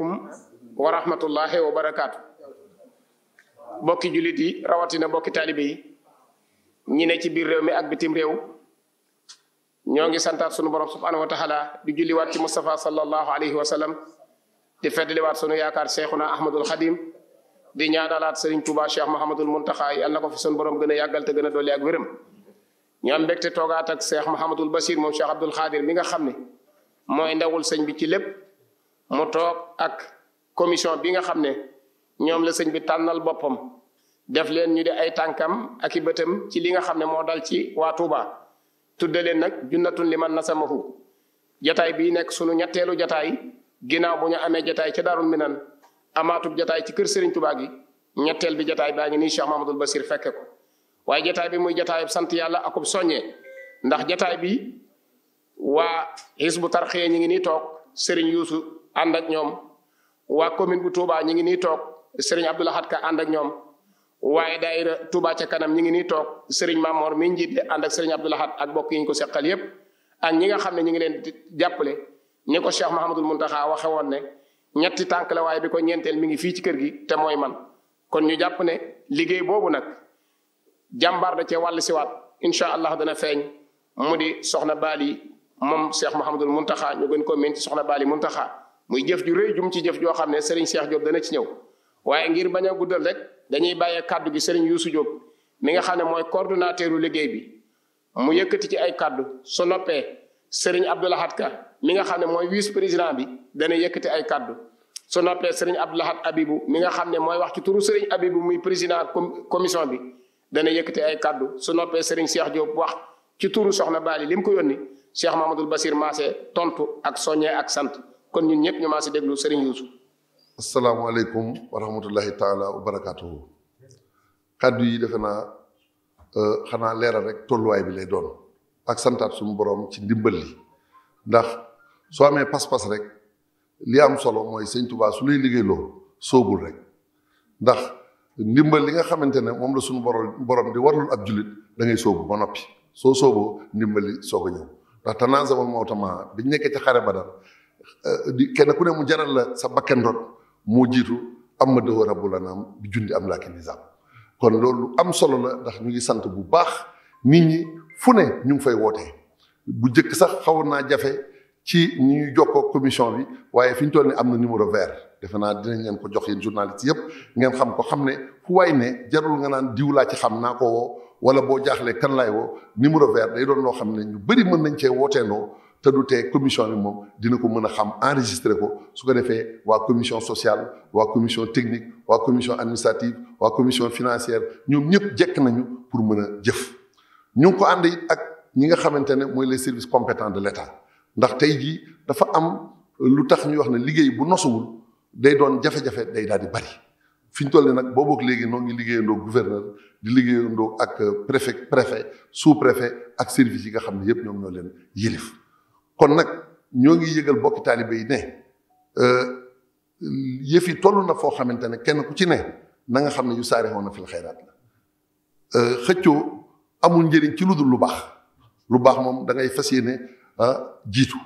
aleykum wa rahmatullahi wa barakaatu bokki jullit yi rawatina bokki taalibe yi ñi ci biir réew mi ak bitim réew ñoo ngi santaat sunu borom subhanahu wa taala di julliwaat ci Moustapha sallallahu alayhi wa sallam di feddaliwaat sunu yaakaar Cheikhuna Ahmadul Xadim di ñaanalaat Serigne Touba Cheikh Mouhamadul Mountakha yal na ko fi sunu borom gën a yàggal gën a dolli ak wéram ñu am mbégte toogaat ak Cheikh Mouhamadul Bachir moom Cheikh Abdoul Xadir mi nga xam ne mooy ndawul sëñ bi ci lépp. mu toog ak commission bi nga xam ne ñoom la sëñ bi tànnal boppam def leen ñu di ay tànkam ak i bëtam ci li nga xam ne moo dal ci waa Touba tudde leen nag junnatun liman nasamahu jataay bii nekk sunu ñetteelu jataay ginnaaw bu ñu amee jataay ca Daarul Minan amaatub jataay ci kër Serigne Touba gi ñetteel bi jataay baa ngi nii Cheikh Mamadou Bassir fekke ko waaye jataay bi muy jataayub sant yàlla akub soññee ndax jataay bi waa Hizbut Tarqiyyah ñi ngi nii toog Serigne Youssou ànd ak ñoom waa commune bu tuubaa ñi ngi nii toog sëriñ Abdou Lahad Ka ànd ak ñoom waaye daayira Touba ca kanam ñi ngi nii toog sëriñ Mamor mi njiit li ànd ak sëriñ Abdou ak bokk yi ñu ko seqal yépp ak ñi nga xam ne ñi ngi leen di jàppale ni ko Cheikh Mahamadul Muntaxa waxe woon ne ñetti tànk la waaye bi ko ñeenteel mi ngi fii ci kër gi te mooy man kon ñu jàpp ne liggéey boobu nag jàmbaar da cee wàll siwaat incha allah dana feeñ mu di soxna Bali moom Cheikh Mahamadul Muntaxa ñu gën ko miin ci soxna Bali Muntaxa muy jëf ju rëy ci jëf joo xam ne Serigne Cheikh Diop dana ci ñëw waaye ngir bañ a guddal rek dañuy bàyyee kàddu gi Serigne Youssou Diop mi nga xam ne mooy coordonnateur liggéey bi mu yëkkati ci ay kàddu su noppee Serigne Abdoulahat Ka mi nga xam ne mooy vice président bi dana yëkkati ay kàddu su noppee Serigne Abdoulahat Abibou mi nga xam ne mooy wax ci turu Serigne Abibou muy président commission bi dana yëkkati ay kàddu su noppee Serigne Cheikh Diop wax ci turu Soxna Bali li mu ko yónni Cheikh Mamadou Basir Massé tontu ak soññee ak sant. kon ñun ñëpp ñu maa si déglu Serigne Youssou. asalaamaaleykum wa rahmatullahi taala wa barakaatuhu kàddu yi defe naa euh, xanaa leeral rek tolluwaay bi lay doon ak santaat suñu borom ci ndimbal li ndax soo amee pas-pas rek li am solo mooy sëñ Tuubaa su lay liggéeyloo soobul rek ndax ndimbal li nga xamante ne moom la suñu borom borom di warul ab jullit da ngay soobu ba noppi soo sooboo ndimbali soog a ñëw ndax tanaazamal mawtama bi ñu nekkee ca xare ba Badar Euh, di kenn ku ne mu jaral la sa bakken rot moo jiitu am ma dëwër rabbul anaam bi jundi am la ki nizaam kon loolu am solo la ndax ñu ngi sant bu baax nit ñi fu ne ñu ngi fay wootee bu jëkk sax xawoon naa jafe ci ñi ñuy jokkoo commission bi waaye fi ñu toll ni am na numéro ver defe naa dinañ leen ko jox yéen yëpp ngeen xam ko xam ne fu waay ne jarul nga naan diw laa ci xam naa ko woo wala boo jaaxlee kan laay woo numéro vert day doon loo xam ne ñu bëri mën nañ cee wooteendoo te du tee commission bi moom dina ko mën a xam enregistré ko su ko defee waa commission sociale waa commission technique waa commission administrative waa commission financière ñoom ñëpp jekk nañu pour mën a jëf ñu ngi ko ànd it ak ñi nga xamante ne mooy les services compétents de l'État ndax tey jii dafa am lu tax ñuy wax ne liggéey bu nosuwul day doon jafe-jafe day daal di bari fi ñu toll nag boobu léegi noo ngi liggéeyandoo gouverneur di liggéeyandoo ak préfet préfet sous préfet ak services yi nga xam ne yëpp ñoom ñoo leen yilif kon nag ñoo ngi yëgal bokki taalibe yi ne euh, yëf yi toll na foo xamante ne kenn ku ci ne na nga xam ne yu saare na fil xayraat la euh, xëccoo amul njëriñ ci lu dul lu baax lu baax moom dangay fas yéene ah, jiitu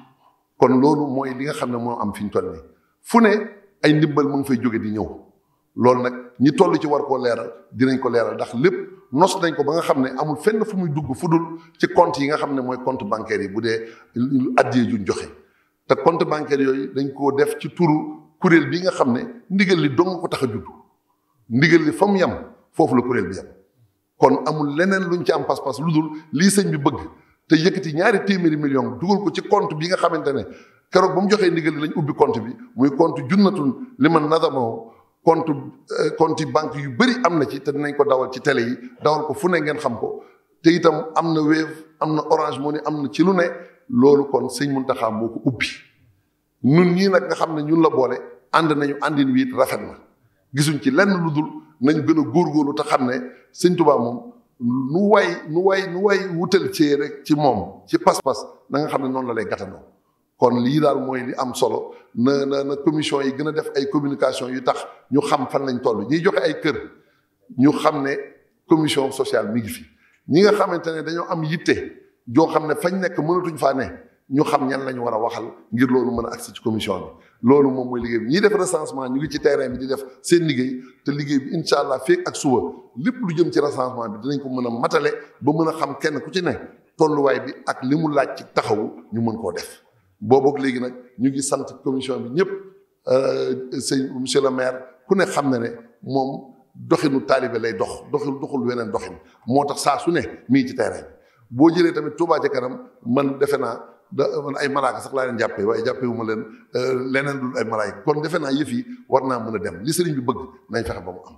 kon loolu mooy li nga xam ne moo am fi ñu toll nii fu ne ay ndimbal mu ngi fay jóge di ñëw loolu nag ñi toll ci war koo leeral dinañ ko leeral ndax lépp. nos dañ ko ba nga xam ne amul fenn fu muy dugg fu dul ci compte yi nga xam ne mooy compte bancaire yi bu dee addiyee juñ joxe te compte bancaire yooyu dañ koo def ci turu kuréel bi nga xam ne ndigal li dong ko tax a judd ndigal li fa mu yem foofu la kuréel bi yem kon amul leneen luñ ci am pas-pas lu dul lii sëñ bi bëgg te yëkkati ñaari téeméeri million dugal ko ci compte bi nga xamante ne keroog ba mu joxee ndigal li lañ ubbi compte bi muy compte junnatun li man nadamoo compte euh, compte yi banque yu bëri am na ci te nañ ko dawal ci télé yi dawal ko fu ne ngeen xam ko te itam am na Wave am na Orange ni am na ci lu ne loolu kon sëñ Muntaxa moo ko ubbi nun ñii nag nga xam ne ñun la boole ànd nañu àndin wiit rafet na gisuñ ci lenn lu dul nañ gën a góorgóorlu te xam ne sëñ Tuubaa moom nu way nu way nu way wutal ci rek ci moom ci pas-pas na nga xam ne noonu la lay gàttandoo kon lii daal mooy li am solo na na na commission yi gën a def ay communication yu tax ñu xam fan lañ toll ñuy joxe ay kër ñu xam ne commission sociale mi ngi fi ñi nga xamante ne dañoo am yitte joo xam ne fañ nekk mënatuñ faa ne ñu xam ñan la ñu war a waxal ngir loolu mën a agsi ci commission bi loolu moom mooy liggéey bi ñiy def recensement ñu ngi ci terrain bi di def seen liggéey te liggéey bi incha allah feeg ak suba lépp lu jëm ci recensement bi dinañ ko mën a matale ba mën a xam kenn ku ci ne tolluwaay bi ak li mu laaj ci taxawu ñu mën koo def boobook léegi nag ñu ngi sant commission bi ñëpp euh, sëñ monsieur le maire ku ne xam ne ne moom doxinu taalibe lay dox doxul doxul weneen doxin moo tax saa su ne ngi ci terrain bi boo jëlee tamit Touba ca man defe naa da man ay malaaka sax laa leen jàppee waaye jàppee ma leen euh, leneen dul ay malaaka kon defe naa yëf yi war naa mën a dem li sëriñ bi bëgg nañ fexe ba mu am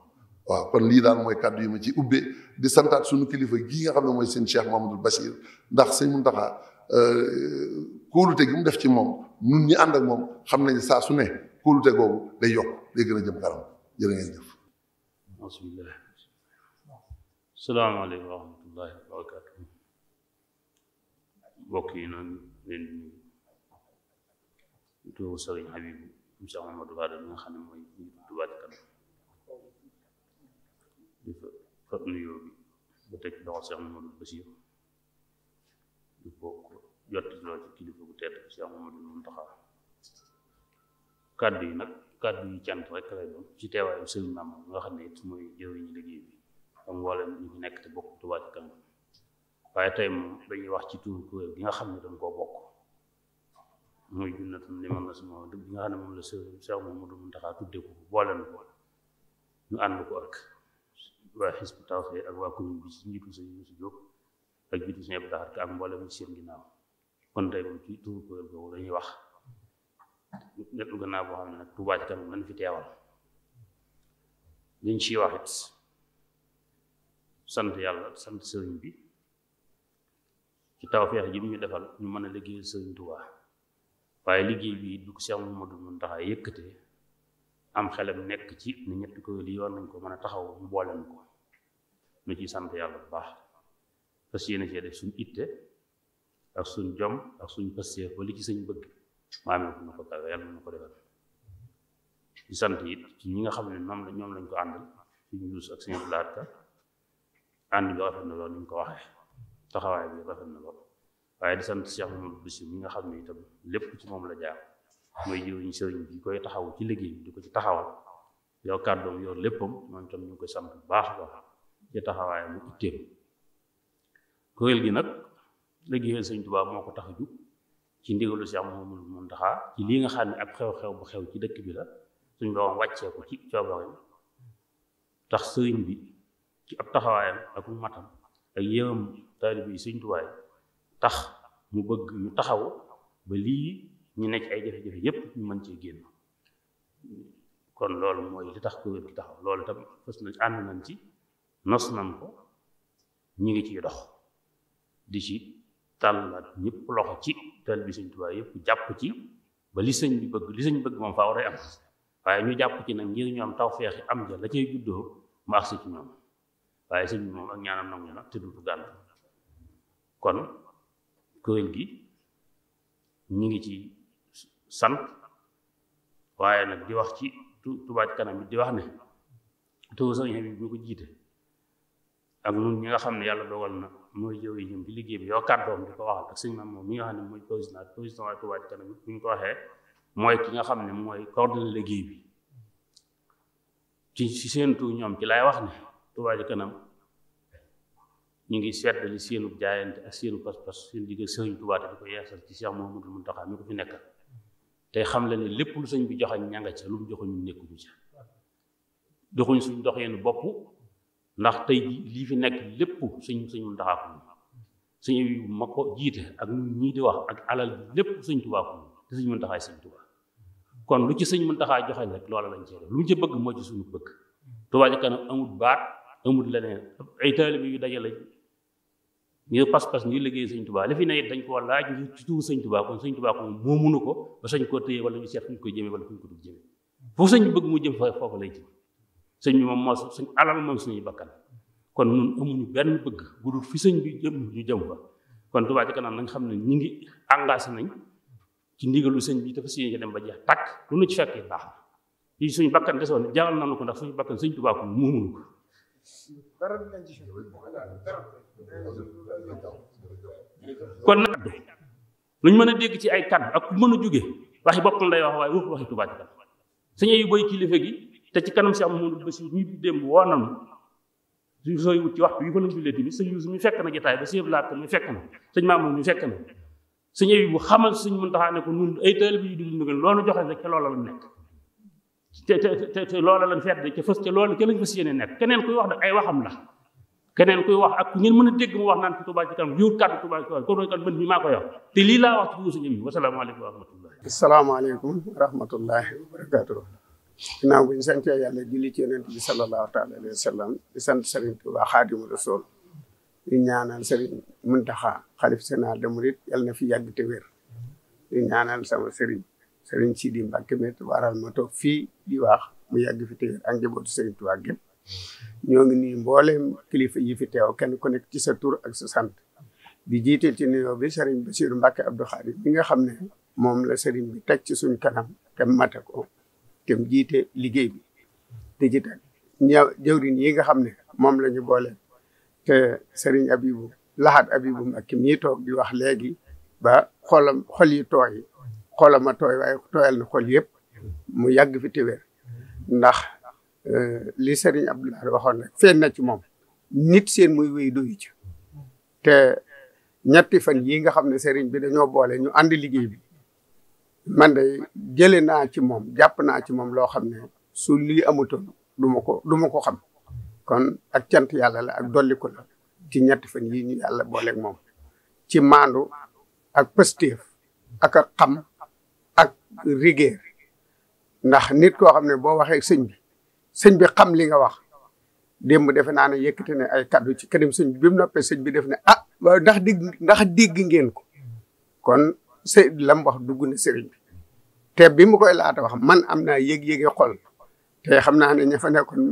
waaw kon lii daal mooy kàddu yi ma ci ubbee di santaat suñu kilifa gii nga xam ne mooy seen Cheikh Mamadou Bachir ndax sëñ Mountakha euh, kóolute gi mu def ci moom ñun ñi ànd ak moom xam nañ saa su ne kóolute googu day yokk day gën a jëm kanam jërë ngeen jëf. salaamaaleykum wa rahmatullaahi mbokk yi noonu leen di tuuru nga xam ne mooy njiitu Touba Ca Kanam di fa nuyoo bi ba teg loxo Cheikh Mamadou Bachir di bokk jot loo ci kilifa gu tedd ci Cheikh Mamadou Mountakha kàddu yi nag kàddu yi cant rek lay doon ci teewaayu sëriñ Maam nga xam ne mooy jëriñu liggéey bi ak mboolem nekk te bokk Touba Ca Kanam waaye wax ci tuur gi nga xam ne dañ koo bokk muy junnatum liman nasma bi nga xam ne moom la sëriñ Cheikh Mamadou Mountakha tudde ko ñu ànd ko ak waa Hizbut ak waa commune bi ci ak jiitu sëriñ Abdou Lahad ak kon tey moom ci turu kuréel googu la ñuy wax lépp gannaaw boo xam ne nag Tuubaa ci kanam lañ fi teewal liñ ciy wax it sant yàlla sant sëriñ bi ci taw tawfeex ji mu ñu defal ñu mën a liggéey sëriñ Tuubaa waaye liggéey bi du ko Seex Mamadu Muntaxa yëkkatee am xelam nekk ci ne ñetti kuréel yi war nañ ko mën a taxaw mu booleen ko ñu ciy sant yàlla bu baax fas yéene cee itte ak suñ jom ak suñ pasteef ba li ci sëñ bëgg mu amee ku ñu ko kawe yàlla ko defal di sant it ci ñi nga xam ne ñoom la ñoom lañ ko àndal suñ yuus ak suñu laat ka ànd bi rafet na ko waxee taxawaay na lool waaye di sant Cheikh Mamadou Bissou mi nga xam ne itam lépp ci moom la jaar mooy jiwuñu sëriñ bi koy taxaw ci liggéey bi di ko ci taxawal yoo kàddoom yor léppam moom itam ñu ngi koy sant bu baax a baax ci taxawaayam mu itteem kuréel gi nag liggéeyal suñ Tuubaa moo ko tax a jug ci ndigalu Seex Muhammadul Muntaxaa ci lii nga xam ne ab xew-xew bu xew ci dëkk bi la suñ borom wàccee ko ci coobareem tax sëriñ bi ci ab taxawaayam ak matam ak yërëm taalib yi sëñ tax mu bëgg ñu taxaw ba lii ñu nekk ay jafe-jafe yépp ñu mën ci génn kon loolu mooy li tax kuréel gi taxaw loolu tam fas na ànd nañ ci nos nañ ko ñu ngi ciy dox di ci tàllaat ñépp loxo ci tal bi sëñ Tuubaa yëpp jàpp ci ba li sëñ bi bëgg li sëñ bëgg moom faaw day waaye ñu jàpp ci nag ngir ñu taw tawfeexi am ja la cay juddoo mu agsi ci ñoom waaye sëñ ak ñaanam nangu na te gi ñu ngi ci sant waaye nag di wax ci Tuubaa kanam bi di wax ne tuur sëñ bi ñu ko jiite ak noonu ñi nga xam ne yàlla dogal na mooy jëw yi ci liggéey bi yow kàddoom di ko waxal ak sëñ maam moom mi nga xam ne mooy président président waa Touba Ca Kanam bu ñu waxee mooy ki nga xam ne mooy coordonné liggéey bi ci seen tur ñoom ci lay wax ne Touba Kanam ñu ngi seddali seenu jaayante ak seenu pas-pas seen digg sëriñ Touba te di ko yeesal ci Cheikh Mouhamadou Mountakha mi ko fi nekkal tey xam la ne lépp lu sëñ bi joxañ ñanga ca lu mu joxuñu nekkuñu ca doxuñ suñ dox yéen bopp ndax tey lii fi nekk lépp suñ suñu ndaxaaku suñu ma ko jiite ak ñii di wax ak alal lépp suñ tubaaku te suñ mën kon lu ci suñ mën taxaa joxe rek loola lañ cee lu ci bëgg moo ci suñu bëgg Touba Ca Kanam amul baat amul leneen ay taalibe yu dajale ngir pas-pas ngir liggéey sëñ tubaa li fi dañ koo laaj ngir ci tuur sëñ tubaa kon sëñ ko moo munu ko ba sañ koo téye wala ñu seet fu ñu koy jëmee wala fu ñu ko dul jëmee foofu sëñ bëgg mu jëm fa foofu lay jëm sëñ bi moo suñ alal moom suñuy bakkan kon ñun amuñu benn bëgg bu dul fi sëñ bi jëm ñu jëm fa kon Touba Ca Kanam xam ne ñi ngi engagé nañ ci ndigalu sëñ bi dafa siyéen ba jeex tàkk lu ci fekkee yi suñu bakkan desoon jaral nañu ko ndax suñ bakkan sëñ Touba ko muumunu ko kon nag lu ñu mën a dégg ci ay kàddu ak mën a jóge waxi boppam lay wax waaye waxu waxi Touba Ca Kanam sëñ gi te ci kanam si am moom Basiir ñu démb woo nañu su sooy wut ci waxtu yi fa lañ jullee tamit sëñ Yuusu mi fekk na jotaay ba sëñ Laat mi fekk na sëñ Maamun mi fekk na sëñ Abibu bu xamal sëñ Muntaxa ne ku ñun ay taalibe bi yu diglu ndigal loolu joxe rek ca loola lañ nekk te te te loola lañ fedd ca fës ca loola ca lañ fas nekk keneen kuy wax nag ay waxam la keneen kuy wax ak ngeen mën a dégg mu wax naan ci Tuubaa ci kanam yóor kàddu Tuubaa ci kanam kon kan mën mi maa ko yor te lii laa wax ci Yuusu ñëw wasalaamaaleykum wa rahmatullah asalaamaaleykum wa rahmatullah wa ginnaaw bu ñu sante yàlla julli ci yonent bi sallallahu taala alayhi wa sant sëriñ Tuuba Xaadimu Rasuul di ñaanal sëriñ Muntaxa xalif général des mourides yàlla na fi yàgg te wér di ñaanal sama sëriñ sëriñ Sidi Mbàkke met waral ma toog fii di wax mu yàgg fi te wér ak njabootu sëriñ Tuuba ñoo ngi nii mbooleem kilifa yi fi teew kenn ku nekk ci sa tur ak sa sant di jiite ci nuyoo bi sëriñ Basiiru Mbàkke Abdu Xaadir bi nga xam ne moom la sëriñ bi teg ci suñ kanam te mate te mu jiite liggéey bi digital ñaw jawrin yi nga xam ne moom la ñu boole te Serigne Abibu Lahat Abibu Mbakke mii toog di wax léegi ba xolam xol yi tooy xolama tooy waaye tooyal na xol yëpp mu yàgg fi te wér ndax euh, li Serigne Abdoulaye waxoon rek feeñ na ci moom nit seen muy wéy doyu ci te ñetti fan yi nga xam ne Serigne bi dañoo boolee ñu ànd liggéey bi man de jëlee naa ci moom jàpp naa ci moom loo xam ne su lii amutoon du ma ko du ma ko xam kon ak cant yàlla la ak dolliku la ci ñetti fan yii ñu yàlla booleeg moom ci maandu ak pëstéef ak ak xam ak rigueur ndax nit koo xam ne boo waxee sëñ bi sëñ bi xam li nga wax mu defe naa ne yëkkati ne ay kaddu ci kanam sëñ bi bi mu noppee sëñ bi def ne ah waaw ndax dégg ndax ngeen ko sëy lam wax dugg na sëriñ bi te bi mu koy laata wax man am naa yëg-yëgi xol te xam naa na ña fa nekkoon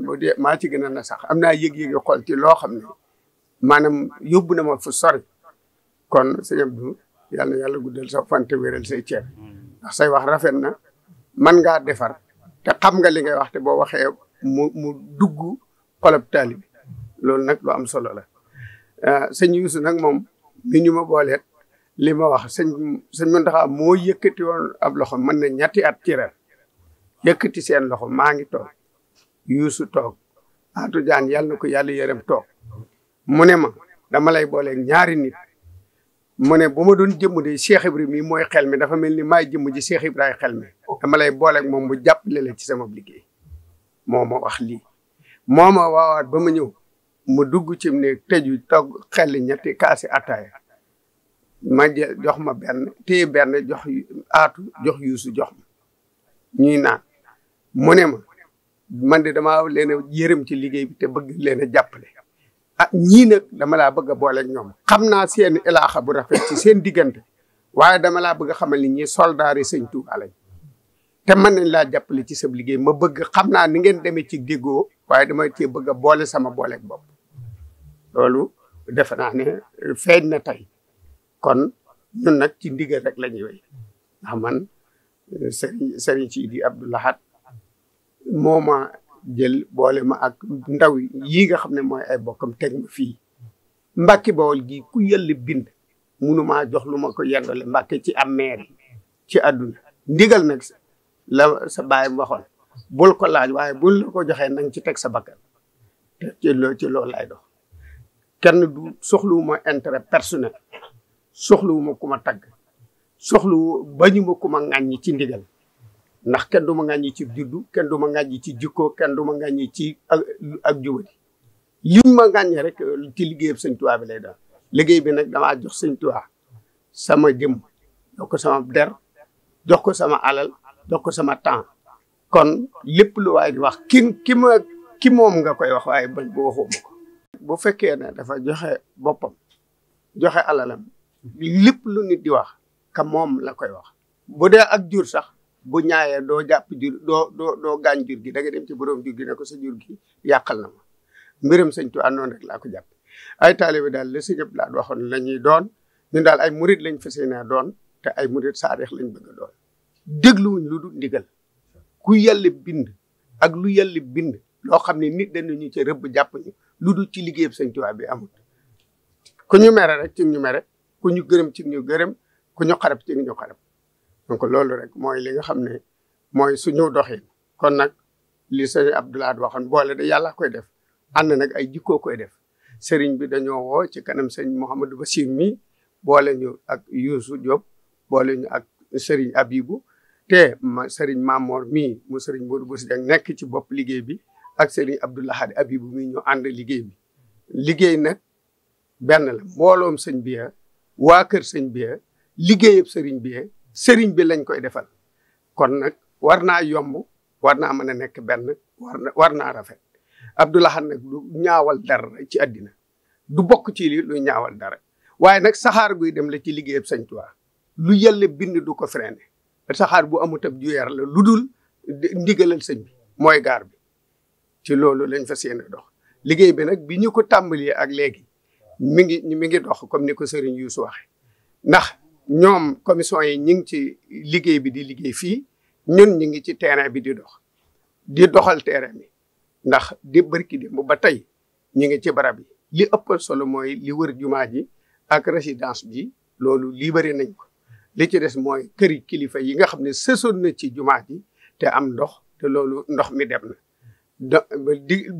maa ci gën na sax am naa yëg-yëgi xol ci loo xam ne maanaam yóbbu na ma fu sori kon sëñ Abdou yàlla yàlla guddal sa fan te wéral say ceeb ndax wax rafet na man ngaa defar te xam nga li ngay wax te boo waxee mu mu dugg xolab taalibi loolu nag lu am solo la ah, sëñ nag moom mi ñu ma li ma wax sëñ sëñ Mountakha moo yëkkati woon ab loxo mën na ñetti at ci ren yëkkati seen loxo maa ngi toog yuusu toog Atou Diagne yàlla na ko yàlla yërëm toog mu ne ma dama lay booleek ñaari nit mu ne boo ma doon jëmm de Cheikh Ibrahima mii mooy xel mi dafa mel ni maay jëmm ji Cheikh Ibrahima xel mi dama lay booleek moom bu jàppale la ci sama liggéey moo ma wax lii moo ma waawaat ba ma ñëw mu dugg ci ne tëju toog xel ñetti kaasi ataaya ma jox ma benn téye benn jox aatu jox yuusu jox ma ñuy naan mu ne ma man de dama leen a yërëm ci liggéey bi te bëgg leen a jàppale ah ñii nag dama laa bëgg a boole ñoom xam naa seen ilaaxa bu rafet ci seen diggante waaye dama laa bëgg a xamal ni ñi soldaar yi sëñ Tuubaa lañ te mën nañ laa jàppale ci sab liggéey ma bëgg xam naa ni ngeen demee ci déggoo waaye dama ci bëgg boole sama booleeg bopp loolu defe naa ne feeñ na tey kon ñun nag ci ndigal rek la ñuy wéy ndax man euh, sëriñ sëriñ Sidi Abdou Lahad jël boole ma ak ndaw yii nga xam ne mooy ay bokkam teg ma fii Mbàkke Bawol gi ku yëlli bind munumaa jox lu ma ko yendale Mbàkke ci am ci àdduna ndigal nag sa baay waxoon bul ko laaj waaye bul la ko joxee nang ci teg sa bakkan te ci loo ci loolu lay dox kenn du soxluwuma intérêt personnel soxlawuma ku ma tagg soxlawu bañuma ku ma ŋàññi ci ndigal ndax kenn du ma ŋàññi ci juddu kenn du ma ŋàññi ci jikko kenn du ma ŋàññi ci ak ak jubati ma ŋàññi rek ci liggéeyam sëñ Tuubaa bi lay daal liggéey bi nag dama jox sëñ Tuubaa sama jëm jox ko sama der jox ko sama alal jox ko sama temps kon lépp lu waay di wax ki ki ma ki moom nga koy wax waaye bañ bu waxuma ko bu fekkee ne dafa joxe boppam joxe alalam lépp lu nit di wax ka moom la koy wax bu dee ak jur sax bu ñaayee doo jàpp jur doo doo doo gaañ jur gi da nga dem ci borom jur gi ko sa jur gi yàqal na ma mbiram sëñ Tuubaa noonu rek laa ko jàpp ay taalibe daal la sëñ Abdu Lahat waxoon la ñuy doon ñun daal ay murit lañ fas yéenee doon te ay murit saadix lañ bëgg a doon dégluwuñ lu du ndigal ku yàlla bind ak lu yàlla bind loo xam ne nit danañu ci rëbb jàpp ñu lu dul ci liggéey sëñ Tuubaa bi amul ku ñu mere rek ci ñu mere ku ñu gërëm ci ñu gërëm ku ñu xarab ci ñu xarab donc loolu rek mooy li nga xam ne mooy suñu doxin kon nag li sëñ Abdoulaye waxoon boole yàlla koy def ànd nag ay koy def sëriñ bi dañoo ci kanam sëñ Mouhamadou Bassir mi boole ñu ak Youssou Diop boole ak sëriñ Abibou te ma sëriñ Mamor mii mu sëriñ Modou Bousso nekk ci bopp liggéey bi ak sëriñ Abdoul Ahad Abibou mii ñu ànd liggéey bi liggéey nag benn mbooloom sëñ bi waa kër sëñ bi liggéeyab sëriñ bi sëriñ bi lañ koy defal kon nag war naa yomb war naa mën a nekk benn war na war naa rafet Abdou Lahad nag du ñaawal dara ci àddina du bokk ci li lu ñaawal dara waaye nag saxaar guy dem la ci liggéeyab sëñ Tuubaa lu yàlla bind du ko freiné saxaar bu amut ab juyeer la lu dul ndigalal sëñ bi mooy gaar bi ci loolu lañ fas yéene dox liggéey bi nag bi ñu ko tàmbalee ak léegi mi ngi mi ngi dox comme ni ko Serigne Youssou waxee ndax ñoom commission yi ñu ngi ci liggéey bi di liggéey fii ñun ñu ngi ci terrain bi di dox di doxal terrain bi ndax di bërki démb ba tey ñu ngi ci barab yi li ëppal solo mooy li wër jumaa ji ak résidence ji loolu libéré nañ ko li ci des mooy këri kilifa yi nga xam ne sësoon na ci jumaa ji te am ndox te loolu ndox mi dem na da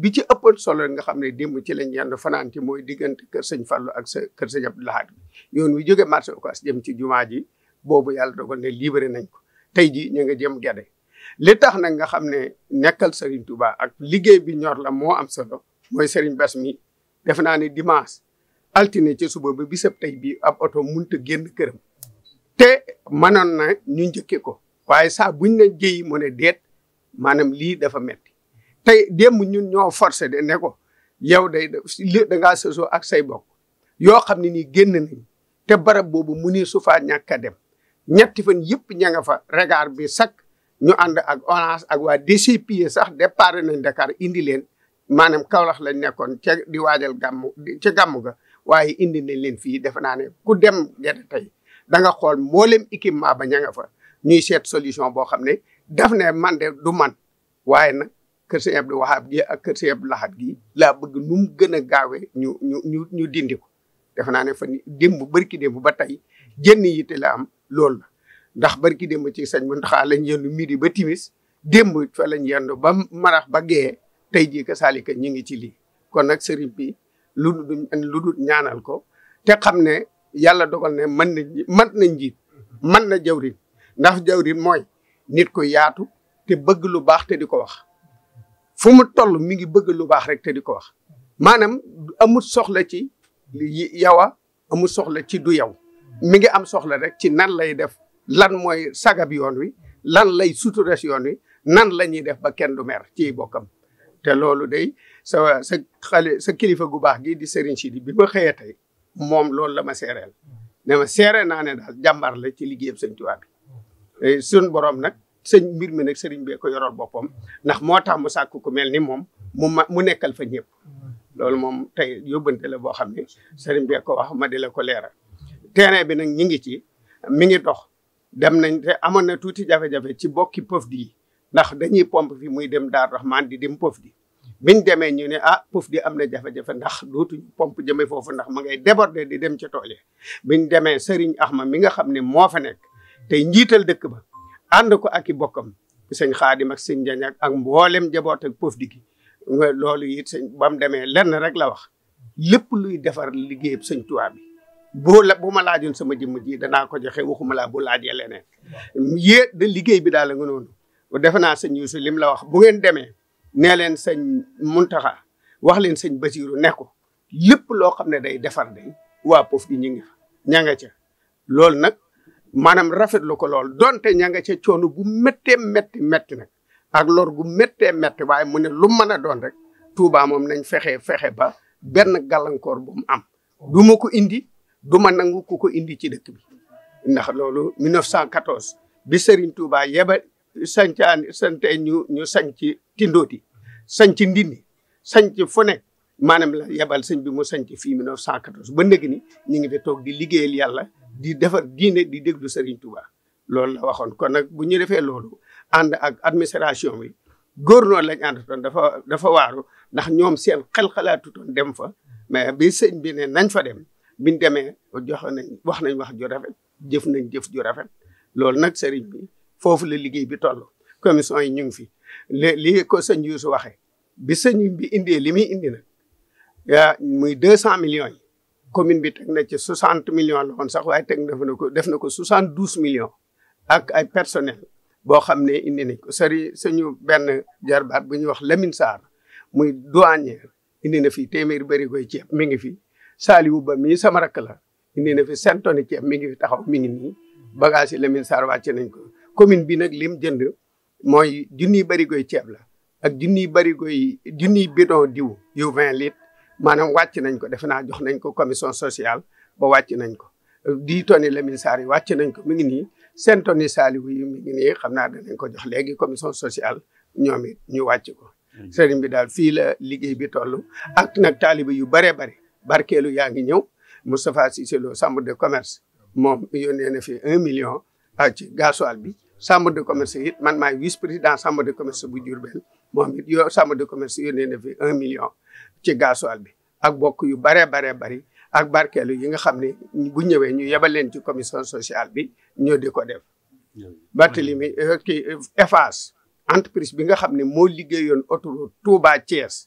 bi ci ëppoon solo nga xam ne démb ci lañ yendu fanaan ci mooy diggante kër sëñ Fallou ak sa kër sëñ Abdou Lahad yoon wi jóge marché Ocass jëm ci jumaa ji boobu yàlla dogal ne libéré nañ ko tey ji ñu nga jëm Guédé li tax nag nga xam ne nekkal Serigne Touba ak liggéey bi ñor la moo am solo mooy Serigne Bass mi defe naa ne dimanche altine ci suba ba bisab tey bi ab oto munta génn këram te mënoon na ñu njëkke ko waaye saa buñ na jëyi mu ne deet maanaam lii dafa metti tey démb ñun ñoo forcé de ne ko yow day li da ngaa sosoo ak say bokk yoo xam ne nii génn nañ te barab boobu mu ni su faa ñàkk dem ñetti fan yëpp ña nga fa regar bi sak ñu ànd ak Orange ak waa DCPE sax départ nañ ndakar indi leen maanaam Kaolack lañ nekkoon ca di waajal gàmmu ca gàmmu ga waaye indi nañ leen fii defe naa ne ku dem gerte tey da nga xool mboolem équipement ba ña nga fa ñuy seet solution boo xam ne def ne man de du man waaye nag kër sëñ Abdou Wahab gi ak kër sëñ Abdou Lahad gi laa bëgg nu gën a gaawe ñu ñu ñu ñu dindi ko defe naa ne fan démb barki démb ba tey jënn yitte la am lool la ndax bërki démb ci sëñ Muntaxa lañ yendu midi ba timis démb fa lañ yendu ba marax ba gee tey jii ka saalika ñu ngi ci li kon nag sëriñ bi lu dul ñaanal ko te xam ne yàlla dogal ne mën na mën na njiit mën na jawrin ndax jawrin mooy nit ko yaatu te bëgg lu baax te di ko wax fu mu toll mi ngi bëgg lu baax rek te di ko wax maanaam amul soxla ci yow a amul soxla ci du yow mi ngi am soxla rek ci nan lay def lan mooy sagab yoon wi lan lay sutura si yoon wi nan la ñuy def ba kenn du mer ci bokkam te loolu day sa sa kilifa gu baax gi di Serigne Sidi bi ma xëyee tey moom loolu la ma seereel ne ma seere naa ne daal jàmbaar la ci liggéeyam Sëñ Tuubaa eh, sun borom nag sëñ mbir mi nag sëriñ bee ko yoral boppam ndax moo tax mu sàkk ku mel ni moom mu ma mu nekkal fa ñëpp loolu moom tey yóbbante la boo xam ne sëriñ bee ko wax ma di la ko leeral. terrain bi nag ñi ngi ci mi ngi dox dem nañ te amoon na tuuti jafe-jafe ci bokki pof di ndax dañuy pompe fi muy dem Daaru Rahman di dem pof di biñ demee ñu ne ah pof di am na jafe-jafe ndax dootuñ pompe jëme foofu ndax ma ngay déborder di dem ca tool yi biñ demee sëriñ ma mi nga xam ne moo fa nekk tey njiital dëkk ba ànd ko ak i bokkam sëñ xaadim ak sëñ jañ ak mboolem jaboot ak poof di gi loolu it sëñ ba demee lenn rek la wax lépp luy defar liggéeyab sëñ bi boo la bu ma laajoon sama jëmm ji danaa ko joxe waxuma laa bu laajee leneen yée de liggéey bi daal la nga noonu defe naa sëñ Yuusu lim la wax bu ngeen demee nee leen sëñ Muntaxa wax leen sëñ Basiiru ne ko lépp loo xam ne day defar day waa poof gi ñu ngi fa ña nga ca loolu nag maanaam rafetlu ko lool donte ña nga ca coono bu méttee métti métti nag ak lor gu méttee métti waaye mu ne lu mën a doon rek Touba moom nañ fexe fexe ba benn gàllankoor bum am. du ma ko indi du ma nangu ku ko indi ci dëkk bi ndax loolu 1914 bi Serigne Touba yeba sancaan sante ñu ñu sañ ci Tindóoti sañ ci Ndindi sañ ci maanaam la yebal sëñ bi mu sanc fii mi 1914 ba nëgg ni ñu ngi fi toog di liggéeyal yàlla di defar diine di déglu Serigne tubaa lool la waxoon kon nag bu ñu defee loolu ànd ak administration bi góor noonu lañ ànd toon dafa dafa waaru ndax ñoom seen xel-xalaatu toon dem fa mais bi sëñ bi ne nañ fa dem biñ demee jox nañ wax nañ wax ju rafet jëf nañ jëf ju rafet loolu nag sëriñ bi foofu la liggéey bi toll commission yi ñu ngi fi li ko sëñ Youssou waxee bi sëñ bi indee li muy indi muy deux cent millions yi commune bi teg na ci soixante millions la woon sax waaye teg na ko def na ko soixante douze millions ak ay personnel boo xam ne indi nañ ko sari suñu benn jarbaat bu ñuy wax Lamine Sarr muy douanier indi na fi téeméeri bëri koy ceeb mi ngi fi sali wu Ba mi sama rakk la indi na fi cinq tonnes ceeb mi ngi fi taxaw mi ngi nii bagage yi sar Sarr wàcce nañ ko commune bi nag lim jënd mooy junniy bëri koy ceeb la ak junniy bëri koy junniy bidon diw yu vingt maanaam wàcc nañ ko defe naa jox nañ ko commission sociale ba wàcc nañ ko dix tonnes Lamine Sarr yi wàcc nañ ko mi ngi nii seen tonnes Saliou yi mi ngi nii xam naa danañ ko jox léegi commission sociale ñoom it ñu wàcc ko hmm. sëriñ bi daal fii la liggéey bi toll ak nag taaliba yu bare bare barkeelu yaa ngi ñëw Moustapha Cissé Lo de commerce moom yónnee na fi un million a ah, ci gasoil bi chambre de commerce it man maay vice président chambre de commerce bu Diourbel moom it yo chambre de commerce yónnee na million ci gasoil bi ak bokk yu baree baree bari ak barkeelu yi nga xam ne bu ñëwee ñu yebal leen ci commission sociale bi ñoo di ko def Barthélemy mm-hmm. euh, ki euh, Eiffage entreprise bi nga xam ni moo liggéeyoon autoroute Touba Thiès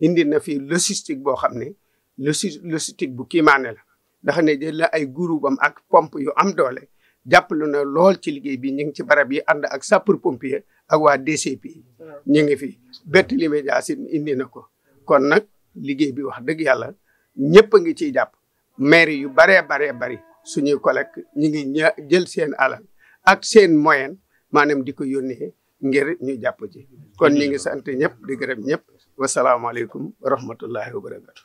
indi na fi logistique boo xam ne logistique bu kiimaane la ndax ne jël la ay gurubam ak pomp yu am doole jàppalu na lool ci liggéey bi ñu ngi ci barab yi ànd ak sapeur pompier ak waa DCP mm-hmm. ñu ngi fi Barthélemy Dias indi na ko kon nag liggéey bi wax dëgg yàlla ñëpp a ngi ciy jàpp mairi yu baree baree bari suñuy collecte ñu ngi jël seen alal ak seen moyen maanaam di ko yónnee ngir ñu jàpp ci kon ñi ngi sant ñëpp di gërëm ñëpp wasalaamaaleykum wa rahmatullahi wa barakatu